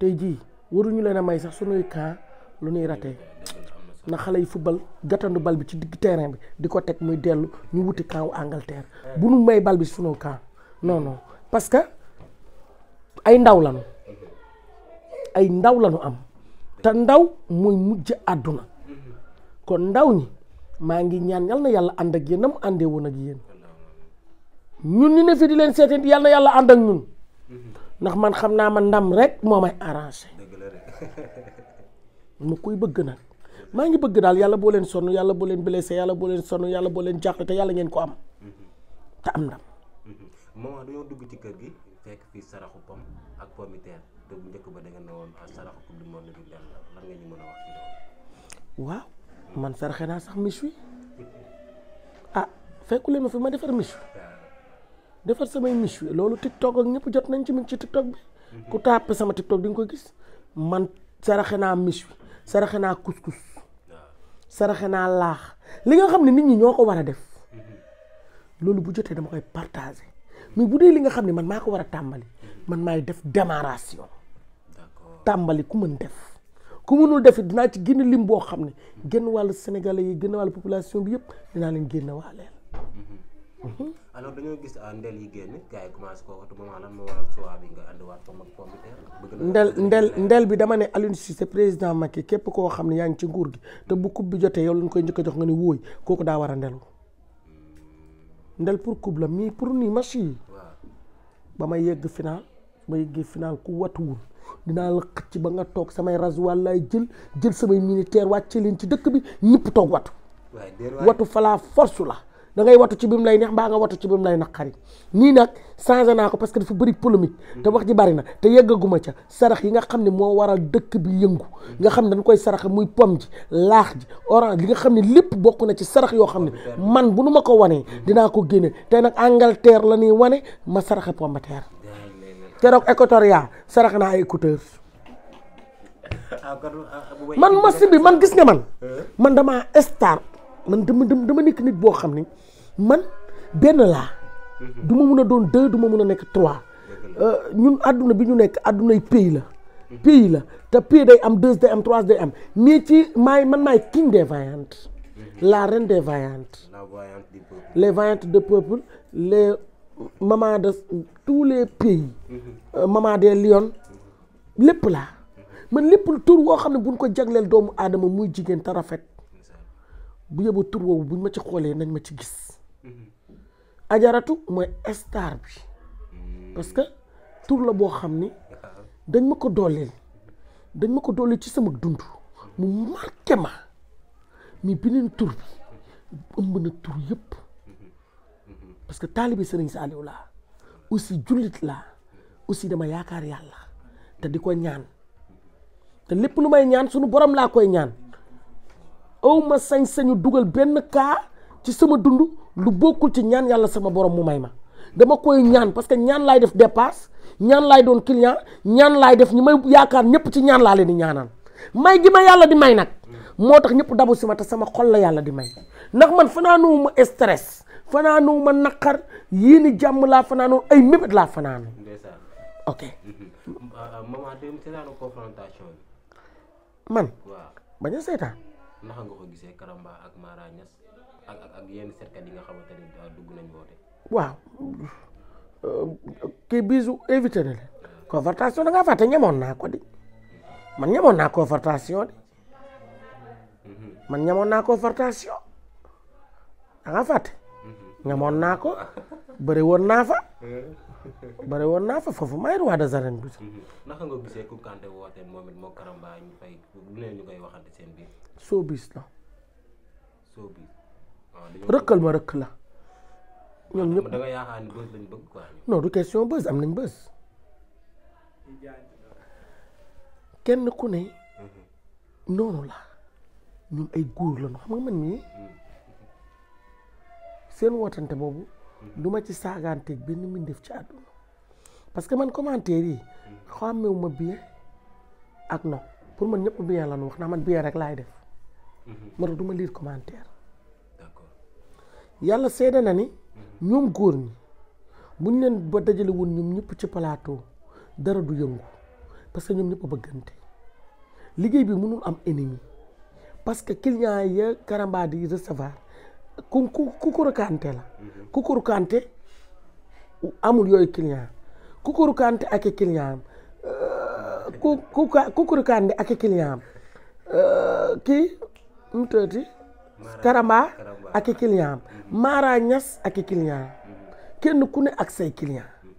tey jii waruñu leen a may sax suñuy camp lu nuy ratee na xale yi football gàttandu bal bi ci digg terrain bi di ko teg muy dellu ñu wuti camp wu bu ñu may bal bi suñu camp non non parce que ay ndaw lañu ay ndaw lañu am te ndaw mooy mujj àdduna kon ndaw ñi maa ngi ñaan yal na yàlla ànd ak na mu àndee woon ak yéen ñun ñu ne fi leen seete yal na yàlla ànd ak ñun ndax man xam naa man ndam rek moo may arrangé ma koy bëgg nag maa ngi bëgg daal yàlla boo leen sonn yàlla boo leen blessé yàlla boo leen sonn yàlla boo leen jaaxle te yàlla ngeen ko am mm-hmm. te am ndam. Mm-hmm. maman dañoo dugg ci kër gi fekk fii saraxu pom ak pomiteer te bu njëkk ba da nga ne woon ah, saraxu coupe ñu mën a wax waaw man saraxe naa sax miche wi ah fekkuleen ma fi ma defar miche defar samay niche loolu TikTok ak ñëpp jot nañ ci mi ci TikTok bi ku mhm. tàppe sama TikTok di nga ko gis man saraxe naa miche saraxe naa couscous saraxe naa laax li nga xam ne nit ñi ñoo ko war a def mhm. loolu bu jotee dama koy partager mais bu dee li nga xam ne man maa ko war a tàmbali mhm. man maay def démarration tàmbali ku mën def ku mënul def dinaa ci génn lim boo xam ne génn wàllu sénégalais yi génn wàllu population bi yëpp dinaa leen génn waaleel alors dañoo gis ah ndel yi génn commencé ko waxtu moment lan moo waral choix bi nga andiwaat ko mag pomme de ndel ndel bi dama ne Aliou Cissé président Macky képp koo xam ne yaa ngi ci nguur gi te bu coupe bi jotee yow lañ koy njëkk jox nga ne wóoy kooku daa war a ndelu ndel pour coupe la mais pour nii match yi ba may yegg final ma yegg final ku watuwul dinaa la xëcc ba nga toog samay rasoir laay jël jël samay militaire wàcce leen ci dëkk bi ñëpp toog watu watu falaa force la da ngay wattu ci bi mu lay neex mbaa nga wattu ci bi mu lay naqari nii nag changé naa ko parce que dafa bëri polémique mm. te wax ji bari na te yeggaguma ca sarax yi nga xam ne moo waral dëkk bi yëngu mm. nga xam ne dañ koy sarax muy pom ji laax ji orange li nga xam ne lépp bokk na ci sarax yoo xam ne man bu nu ma ko wanee mm. dinaa ko génne tey nag Angleterre la ñuy wane ma saraxe pomme de terre keroog Équatorial sarax naa ay ah, ah, ah, man machine man gis nga man man damaa star man dama dama nekk nit boo xam ni man benn laa mhm. duma mun a doon deux du ma mun a nekk trois euh, ñun àdduna bi ñu nekk àddunay pays la mhm. pays la te pays day am deux day am trois day am mais ci maay man maay king des vaillantes mhm. la reine des vaillantes les vaillantes de peuple les mamans de tous les pays euh, maman des lions lépp laa man lépp tur woo xam ne buñ ko jagleel doomu aadama muy jigéen te rafet bu yóbbu tur woowu buñ ma ci xoolee nañ ma ci gis Mm-hmm. ajaratu mooy star bi mm. parce que tur la boo xam ni dañ ma ko dooleel dañ ma ko dooleel ci sama dund mu marqué ma mi beneen tur bi ëmb na tur yëpp mm-hmm. parce que taalibe sëriñ Saaliw laa aussi jullit laa aussi dama yaakaar yàlla te di ko ñaan te lépp lu may ñaan sunu borom laa koy ñaan aw ma sañ-sañu dugal benn kaa ci sama dund lu bokkul ci ñaan yàlla sama borom mu may ma dama koy ñaan parce que ñaan laay def dépasse ñaan laay doon client ñaan laay def ñi may yaakaar ñëpp ci ñaan laa leen di ñaanaan may gi ma yàlla di may nag moo tax ñëpp dabu si ma te sama xol la yàlla di may ndax man fanaanoo ma stress fanaanoo ma naqar yii ni jàmm laa fanaanoo ay mébét laa fanaanu ok mm-hmm. maman dem seetaanu confrontation bi man bañ a seetaan gisee Karamba ak Mara ak ak yenn seetkat yi nga xamante ne dugg nañ woote. waaw euh, kii bisu éviter na leen. confortation da ngaa ñamoon naa ko di man ñamoon naa confortation di mm-hmm. man ñamoon naa confortation da ngaa fàtte. Mm-hmm. ñamoon naa ko bëri woon naa fa. bëri woon naa fa foofu may roi des arènes bi. Mm-hmm. naka nga koy waxante seen biir. soo bis la. rëkkal ma rëkk la. ñoom ñëpp da nga yaakaar du question buzz am nañ buzz. kenn ku ne. Mhm. noonu la ñun ay góor lañu xam nga man mii mhm. seen wootante boobu. Mhm. du ma ci saagaanteeg benn mbindeef ci àdduna. parce que man commentaire yi. ma bien ak non pour man ñëpp bien la nu wax ndax man bien rek laay def. moo du ma lire commentaire. yàlla seede na ni ñoom góor ñi buñ leen ba dajale woon ñoom ñëpp ci plateau dara du yëngu parce que ñoom ñëpp a bëggante liggéey bi mënul am ennemi parce que client ya Karamba di recevoir ku ku Kukuru Kanté la mhm. Kukuru Kanté amul yooyu client Kukuru ak i client am euh, ku Kukuru Kanté ak i client euh, mu tëddee Karamba ak i client am mhm. Mara ak i client mhm. kenn ku ne ak say client mhm.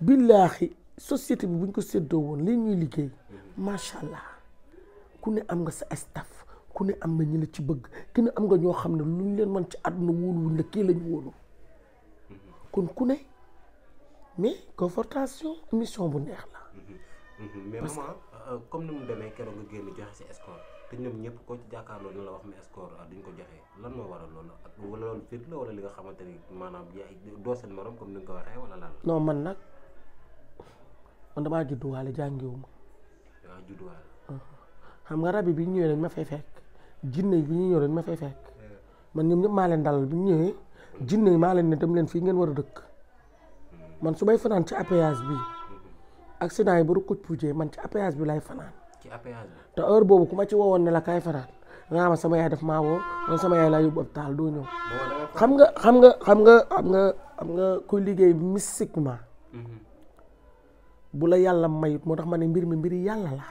billaahi société bi bu ñu ko séddoo woon leen ñuy liggéey macha allah ku ne am nga sa staff ku ne am na ñu la ci bëgg ku ne am nga ñoo xam ne lu ñu leen mën ci àdduna wóoluwuñ la kii lañu wóolu kon ku ne mais confortation émission bu neex la Mm-hmm. mais maman euh, comme ni mu demee keroog nga génn joxe si score te ñoom ñëpp koo ci jàkkaarloo na la wax ne score ah, duñ ko joxe lan moo waral loolu ak wala la wala li nga xamante ni maanaam yaay moroom seen morom comme ni nga ko waxee wala lan. non man nag man damaa judduwaale jàngiwuma. damaa judduwaale. Uh-huh. xam nga rab bi ñu ñëwee ma fay fekk jinne yi bi ñu ñëw dañ ma fay fekk man ñoom ñëpp maa leen dalal bi ñu ñëwee jinne yi maa leen ne dem leen fii ngeen war a dëkk mm. man su may fanaan ci apéage bi. accident yi bu rukkut puujee man ci appayage bi lay fanaan. ci appayage te heure boobu ku ma ci wowoon ne la kaay fanaan nga xam sama yaay daf maa woo man sama yaay laa yóbbu hôpital doo ñëw. xam nga xam nga xam nga xam nga xam nga kuy liggéey mystiquement. Mhm. bu la yàlla mayut moo tax ma ne mbir mi mbiri yàlla la.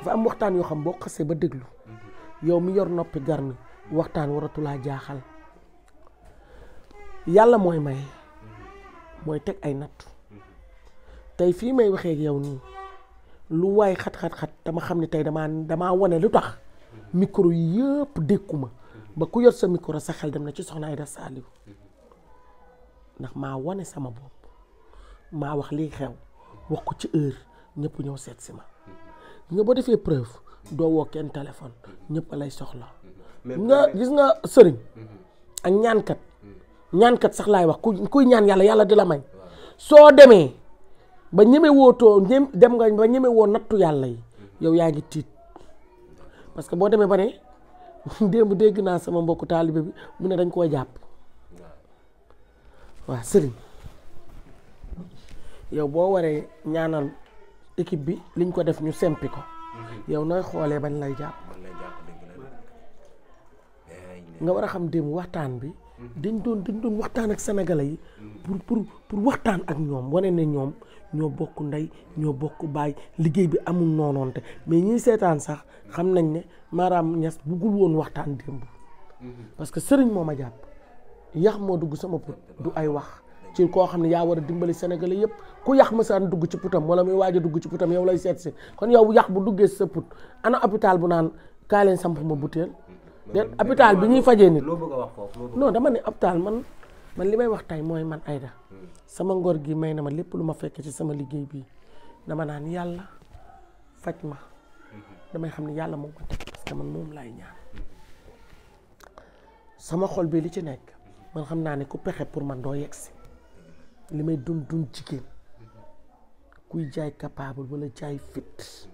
dafa am waxtaan yoo xam boo xasee ba déglu. Mhm. yow mi yor noppi garmi waxtaan waratulaa jaaxal. yàlla mooy may mhm. mooy teg ay nattu tey fii may waxee yow nii lu waay xat-xat-xat dama xam ne tey damaa damaa wane lu tax micro yi yëpp ba ku yor sa micro sa xel dem na ci soxna Aida Saliou ndax maa wane sama bopp maa wax lii xew wax ko ci ñëpp ñëw seet si ma defee preuve doo kenn téléphone ñëpp lay soxla nga gis nga sëriñ ak ñaankat mm-hmm. ñaankat sax laay wax ku kuy ñaan yàlla yàlla di la may soo demee ba ñeme wootoo ñem dem nga ba ñeme woo nattu yàlla yi yow yaa ngi tiit parce que boo demee ba ne démb dégg naa sama mbokku taalibe bi mu ne dañ koo jàpp waa sëriñ yow boo waree ñaanal équipe bi liñ ko def ñu sempi ko mhm. yow nooy xoolee bañ lay jàpp nga war a xam démb waxtaan bi mhm. dañ doon dañ doon waxtaan ak sénégalais yi mhm. pour pour pour waxtaan ak ñoom wane ne ñoom ñoo bokk ndey ñoo bokk baay liggéey bi amul noonoonte mais ñiy seetaan sax xam nañ ne Maram ñas buggul woon waxtaan démb mm-hmm. parce que sëriñ moo ma jàpp yax moo dugg sama put du ay wax ci koo xam ne yaa war a dimbali sénégalais yëpp ku yax masaan dugg ci putam wala muy waaj a dugg ci putam yow lay seet si kon yow yax bu duggee sa put ana hôpital bu naan kaa samp ma butéel mm-hmm. de hôpital bi ñuy fajee nit non dama ne hôpital man man li may wax tey mooy man Aida hmm. sama ngor gi may na ma lépp lu ma fekk ci sama liggéey bii dama naan yàlla faj ma hmm. damay xam ne yàlla moo ko teg parce man moom laay ñaan sama xol bi li ci nekk man xam naa ne ku pexe pour man doo si li may dun dun jigéen kuy jaay capable wala jaay fit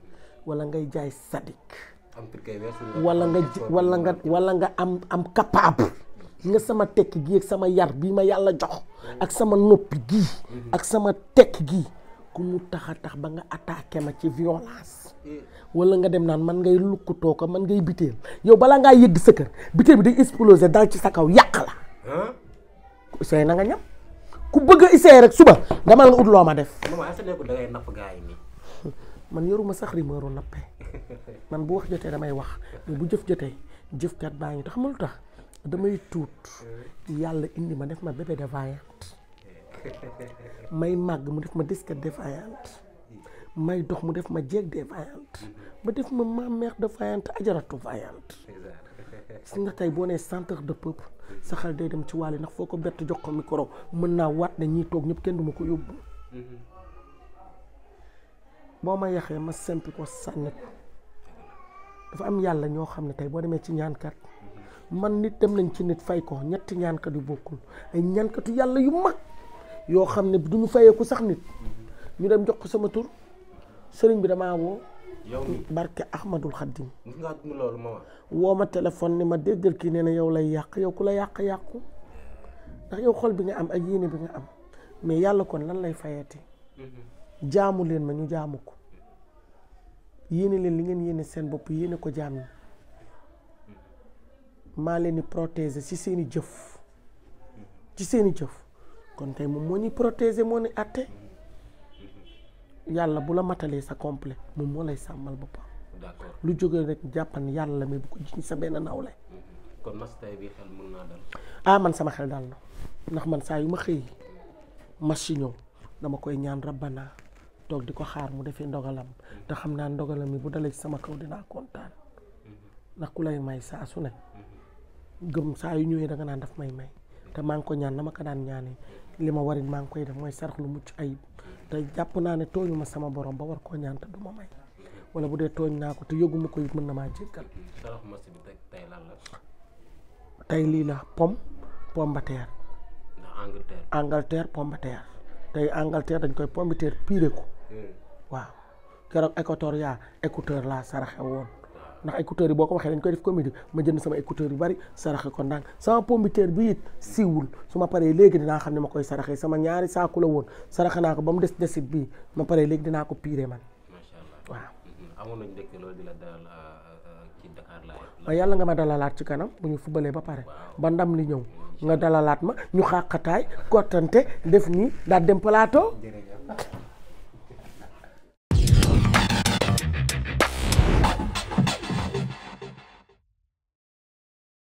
wala ngay jaay sadik wala nga wala nga nga am am capable nga sama tekk gi ak sama yar bi ma yàlla jox ak sama noppi gii ak sama tekk gii ku mu tax a tax ba nga attaqué ma ci violence wala nga dem naan man ngay lukkutoo ko man ngay biteel yow balaa ngaa yëdd sa kër biteel bi day exploser dal ci sa kaw yàq la ku essayé na nga ñam ku bëgg a essayé rek suba damal nga ut loo ma def man yoruma sax rimeeru nappe man bu wax jotee damay wax bu jëf jotee jëfkat baa ngi tax ma lu tax damay tuut yàlla indi ma def ma bébé défaillante may màgg mu def ma disque défaillante may dox mu def ma jeeg défaillante ba def ma meex de défaillante ajaratu défaillante si nga tey boo nee centre de peuple sa xel day dem ci wàll ndax foo ko bett jox ko micro mën naa wat ne ñiy toog ñëpp kenn duma ko yóbbu boo ma yaxee ma sempi ko sànni ko dafa am yàlla ñoo xam ne tey boo demee ci ñaankat man nit dem nañ ci nit fay ko ñetti ñaankat yu bokkul ay ñaankatu yàlla yu mag yoo xam ne du ñu fayeeku sax nit ñu dem jox ko sama tur sëriñ bi damaa woo. yow barke Ahmadul Xaddim. nga woo ma téléphone ni ma déggal kii nee na yow lay yàq yow ku la yàq yàqu ndax yow xool bi nga am ak yéene bi nga am mais yàlla kon lan lay fayeete mm-hmm. jaamu leen ma ñu jaamu ko yéene leen li ngeen yéene seen bopp yéene ko jaam yi maa leen di protéger ci seen i jëf ci seeni jëf kon tey moom moo ñuy protéger moo ni àtte yàlla bu la matalee sa complet moom moo lay sàmmal boppam lu jóge rek jàppan yàlla la mais bu ko jiñ sa benn nawle kon mas tey bi xel ah man sama xel dal na ndax man saa yu ma xëy mas dama koy ñaan rabbana toog di ko xaar mu defee ndogalam te xam naa ndogalam yi bu dalee ci sama kaw dinaa kontaan mm-hmm. ndax ku lay may saa su ne gëm saa yu ñëwee da nga naan daf may may te maa ngi ko ñaan dama ko daan ñaanee li ma warit maa ngi koy def mooy sarax lu mucc ayib te jàpp naa ne tooñu ma sama borom ba war koo ñaan te du ma may wala bu dee tooñ naa ko te yëguma ko it mën na maa jéggal tey lii la pom pombateer Angleterre pombateer tey Angleterre dañ koy pombiteer piire ko hmm. waaw keroog équateur yaa écouteur laa saraxe woon ndax écouteurs yi boo ko waxee dañ koy def communique ma jënd sama écouteurs yu bari saraxe ko ndànk sama pompiteur bi it siiwul su ma paree léegi dinaa xam ne ma koy saraxee sama ñaari saaku la woon saraxe naa ko ba mu des desit bii ma paree léegi dinaa ko piiree man waaw mm-hmm. amoon nañ dëkk loolu di la dalal euh, euh, yàlla nga ma dalalaat ci kanam bu ñu fubalee ba pare ba ndam li ñëw nga dalalaat ma ñu xàqataay kottante def nii daal dem plateau